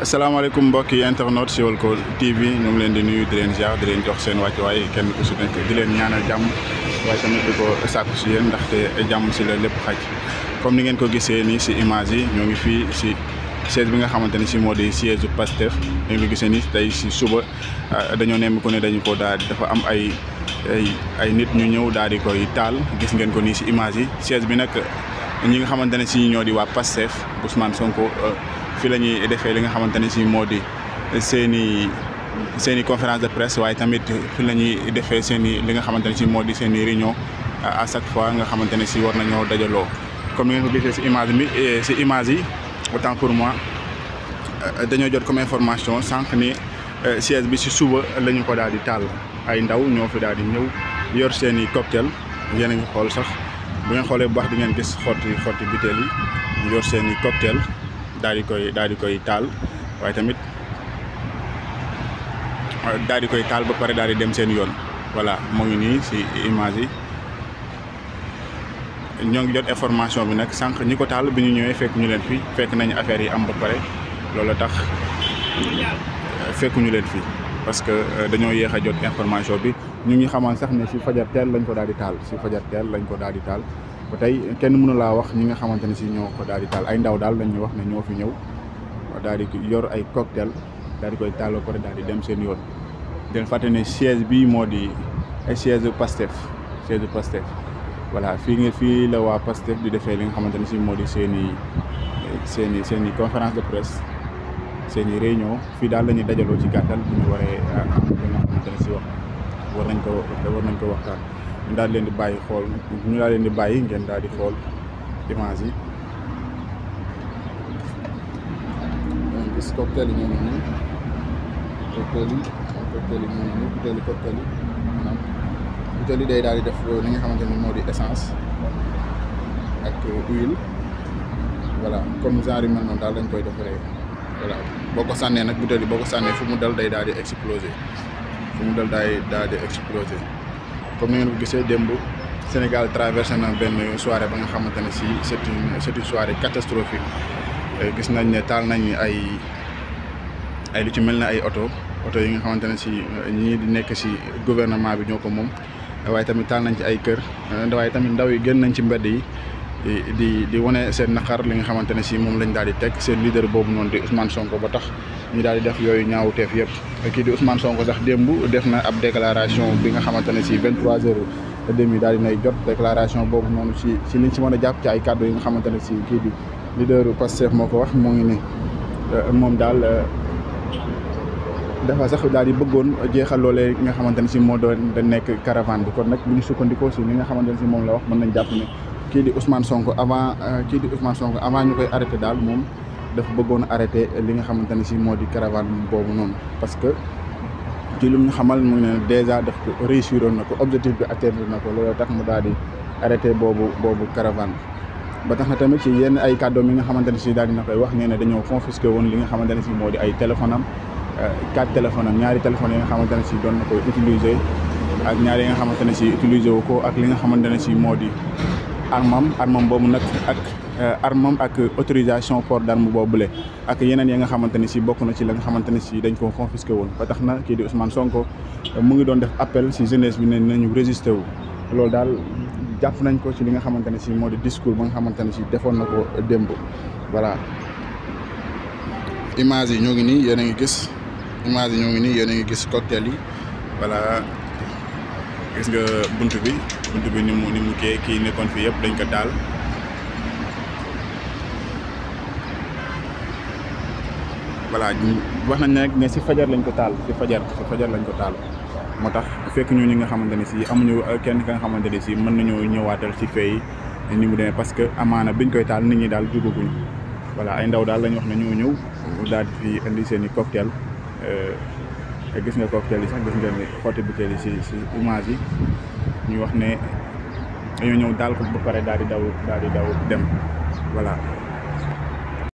asalaamaaleykum mbokki internet Siweulko TV ñu ngi leen di nuyu di leen ziar di leen jox seen wàccuwaay kenn ku si nekk di leen ñaanal jàmm waaye tamit di ko sàkku si yéen ndaxte jàmm si la lépp xaj comme ni ngeen ko gisee nii si image yi ñoo ngi fii si siège bi nga xamante ni si moo di siège Pastef ñu ngi gisee ni tey si suba ah, dañoo nemm ne dañu ko daal dafa am ay ay ay nit ñu ñëw daal di koy taal gis ngeen ko nii si image yi siège bi nag ñi nga xamante ne si ñoo di waa Pastef Ousmane Sonko. Euh, fi la ñuy defee li nga xamante ne si moo di conférence de presse waaye tamit fi la ñuy defee seen i li nga xamante ne si moo réunion à chaque fois nga xamante ci war nañu dajalo comme ni ngeen ko gisee si image bi eh, si image yi autant pour moi euh, dañu jot comme information sànq ni euh, siège bi si suba la ko daal di taal ay ndaw ñoo fi daal di ñëw yor seen cocktail yéen a ngi xool sax bu ngeen xolé bu baax di ngeen gis xotti xotti biteel yi yor seen cocktail daal di koy daal di koy taal waaye tamit daal di koy taal ba pare daal di dem seen yoon voilà moo ngi nii si image yi ñoo ngi jot information bi nag sànq ñi ko taal bi ñu ñëwee fekk ñu leen fi fekk nañu affaire yi am ba pare loolu tax fekkuñu leen fi parce que euh, dañoo yéex a jot information bi ñu ngi xamaan sax ne si fajar teel lañ ko daal di taal si fajar teel lañ ko daal di taal. tey kenn mënu laa wax ñi nga xamante ne si ñoo ko daal di taal ay ndaw daal lañuy wax ne ñoo fi ñëw daal di yor ay cocktail daal di koy taal ba pare daal di dem seen yoon. den fàtte ne siège bii moo di siège Pastef siège Pastef voilà fii nga fii la waa Pastef di defee li nga xamante ne si moo di seeni i seen i seen i conférence de presse seen i réunion fii daal la ñuy dajaloo ci gàttal bu ñu waree am ah, li nga xamante ne wax nañ ko war nañ ko waxtaan. ñu daal leen di bàyyi xool ñu daal leen di bàyyi ngeen daal di xool image yi. donc gis cocktail yi ñu yi cocktail daal di def li nga xamante ni moo di essence daal lañ koy defaree voilà boo ko sànnee nag butéel yi boo ko sànnee fu mu dal day daal di exploser fu mu dal day daal di explosé comme ni ngeen ko gisee démb Sénégal traversé na benn soirée ba nga xamante ne si c'est une c'est une euh, gis nañ ne taal nañ ay ay lu ci mel ne ay oto oto yi nga xamante ne si euh, ñii di nekk si gouvernement bi ñoo ko moom waaye tamit taal nañ ci ay kër euh, waaye tamit ndaw yi génn nañ ci mbedd yi. di di wane seen naqar li nga xamante ne si moom lañ daal di teg seen leader boobu noonu di Ousmane Sonko ba tax ñu daal di def yooyu ñaawteef yëpp kii di Ousmane Sonko sax démb def na ab déclaration bi nga xamante ne si 23 heures demi daal di nay jot déclaration boobu noonu si si liñ si mën a jàpp ci ay kàddu yi nga xamante ne si kii di leader Pastef moo ko wax moo ngi ni euh, moom daal euh, dafa sax daal di bëggoon jeexal loolee nga xamante ne si moo doon da nekk caravane bi kon nag bu ñu sukkandikoo si li nga xamante ne si moom la wax mën nañ jàpp ne kii di Ousmane Sonko avant euh, kii di Ousmane Sonko avant ñu koy arrêté daal moom dafa bëggoon arrêté li nga xamante ne si moo di caravane boobu noonu parce que ci lu ñu xamal mu ne déjà daf ko réussir na ko objectif bi atteindre na ko loolu tax mu daal di arrêté boobu boobu caravane ba tax na tamit ci yenn ay kàddoom yi nga xamante ne si daal dina koy wax nee na dañoo confisqué woon li nga xamante ne si moo ay téléphone am euh, quatre téléphone am ñaari téléphone yi nga xamante si doon na koy ak ñaari yi nga xamante ne si utiliser wu ko ak li nga xamante ne si moo di armam armam boobu nag ak euh, armam ak autorisation port d'arme le ak yeneen yi nga xamante ne si bokk na ci la nga xamante ne si dañ ko confisqué woon ba tax na kii di Ousmane Sonko euh, mu ngi doon def appel si jeunesse bi ne nañu résister wu loolu daal jàpp nañ ko ci li nga xamante ne si moo di discours ba nga xamante si defoon na ko démb voilà image yi ñoo ngi nii yéen a ngi gis image yi ñoo ngi nii yéen a ngi gis cocktail yi voilà gis nga bunt bi buntu bi ni mu ni mu kee ki nekkoon fi yëpp dañ ko dal wala ñu wax nañ nag ne ci fajar lañ ko tal ci fajar ci fajar lañ ko tal motax fekk ñu ñi nga xamanteni ci amuñu euh, kenn ka nga xamanteni ci mën nañu ñëwaatal ci fey ni mu demee parce que amana biñ koy tal nit ñi dal duguguñ wala ay ndaw dal lañ wax ne ñu ñëw dal fi indi seen cocktail euh gis nga cocktail yi sax gis nga ni xoti butéel yi ci si image yi ñuy wax ne dañoo ñëw daal ko ba pare daal di daw daal di daw dem voilà.